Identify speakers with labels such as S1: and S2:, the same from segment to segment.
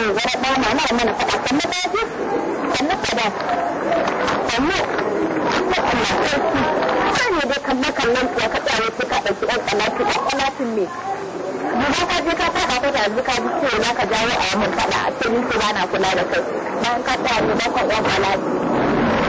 S1: zan zara ba ma na mana faɗa sannu tafi? ji faɗa sannu ko Allah sarki kan ne dai kalle kallon ya ka tsaye sai ka ɗauki ɗan tsalatu ɗan tsalatun ne mu ba ka je ka faɗa ka da zuka ji ce na ka jawo a mun faɗa a ce ni ce ba na kula da kai na ka tsaye ba ka ɗan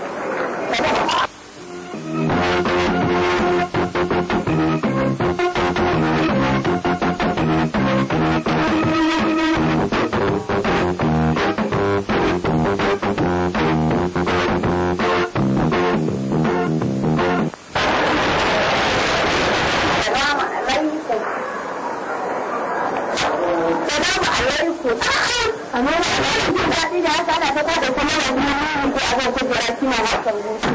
S1: ku amma ba za ku ji daɗi da haka ana ta kwada kuma da biyu ko a kan kujera kina ba kan gushi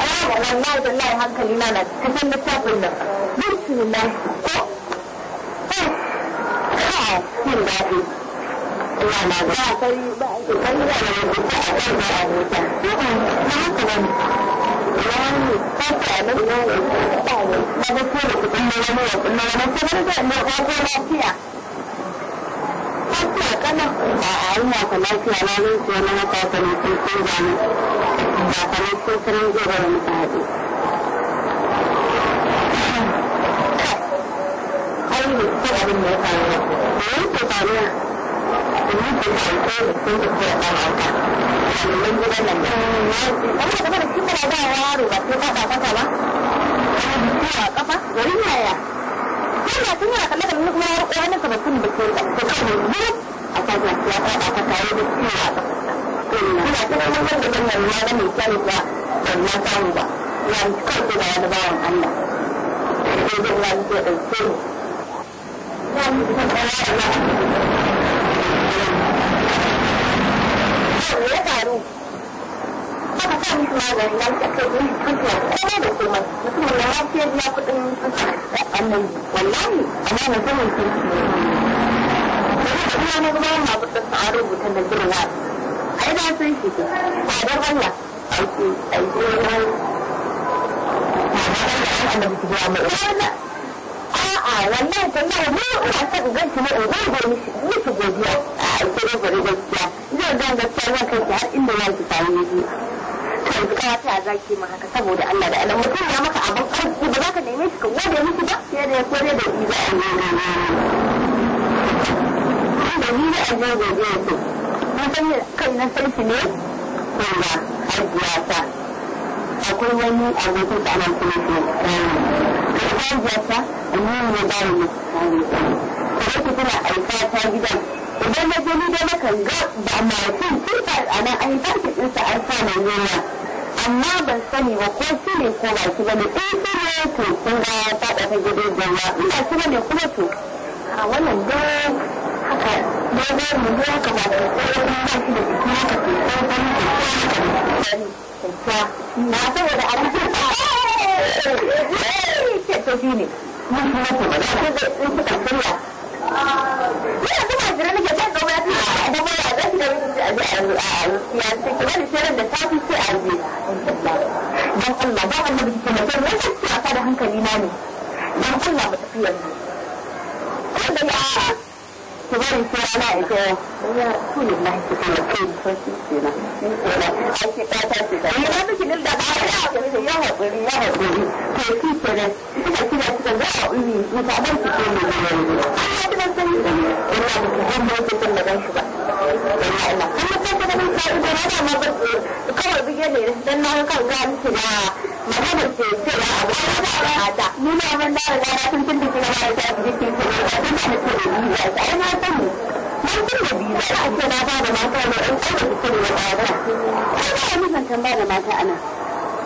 S1: Allah wallahi wallahi hankali na na cikin littafin nan bismillah ko daɗi Allah na ba kai ba kai da na ba a kan da abota ba haka ba wani kasa na wani ba da kuma kuma wani wani kuma da kuma lafiya ka lafiya na zai kuwa na mata ka ne sun ba gani ba ta ne sun sanin zai bari mu haɗu. Ai ne ko abin da ya faru ba. Me yake faruwa? Ina ce da alƙawari sun ta kira ɗan auta. Ilimin gidan nan. Wani kuma da kika da yaro ba sai ka ba ba? faru kansu da wani bawan Allah. Sai zai ya zo ya ɗauke ni. Zan yi cikin ƙwararra. Ya faru. Saka sa musu magani na ta kai yin tutuwa komai da komai. Mutumin ya ma fiye biya kuɗin nan, Wallahi, amma mutumin sun ci ne. Ina na gaba ma buɗe sa'a rubuta da girwa. Ai ba sun shi ke. Allah. Aiki, aiki, aiki. annabi ki gaya mai ne a'a wallahi tallahi ni ina son in ganki ne in gode miki godiya a kire gari gaskiya zan ga gaskiya zan kai ki har inda za ki same ni to ka zaki ma saboda Allah da Allah mutum ya maka abin arziki ba za ka neme shi ka gode miki ba sai da ya kore da a yi da ni da an gode godiya ko kun san kai na sarki ne ko ba har ta akwai wani abokin da ana kuma ke kare da ta annabi ya ba mu kare ko tana aika ta gidan idan na gani da na kan ga ba ma kin tuta ana an ta ki din sa alfa amma ban sani ba ko shi ne ko ba su bane in shi ne to sun ga ta da ta gidan da ya ba shi bane kuma to a wannan da haka da ba mu ga kamar na saboda abincin ce to shi ne mun kuma ce ba za su suka shirya ni da a yanzu na na da a ina na ba da mata ne in kada su kare da ba ko ba ni zan tamba da mata ana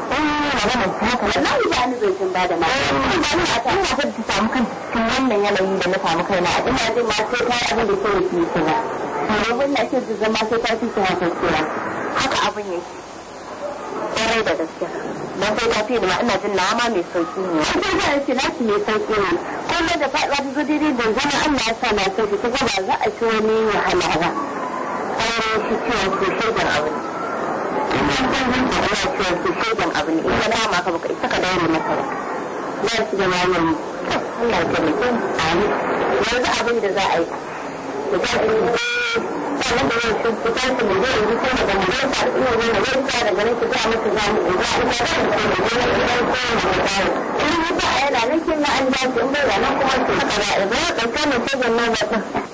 S1: wallahi ba ni zancen ba da mata mata ina son ta samu kanta cikin wannan yanayin da na samu kaina a ina jin ma sai ta abin da kawai ki kuma domin na ce da zama sai ta fi ta hakkura haka abin yake kwarai da gaskiya dan sai ta fi da ina jin na mai sauki ne sai ta ce na ki mai sauki ne ɗauki wani wahala kawai shi cewa ko shaidan abu ne ina da ana cewa ko shaidan abu ne ina da ma ka baka isa ka daure masa ba ba su da malam Allah ya taimake amin yanzu abin da za a yi ku da shi mu daga mu zai ta ina mu zai ta ku musu za mu da ku da ku da ku da ku yana nan kin na an dace in bai da ku da da da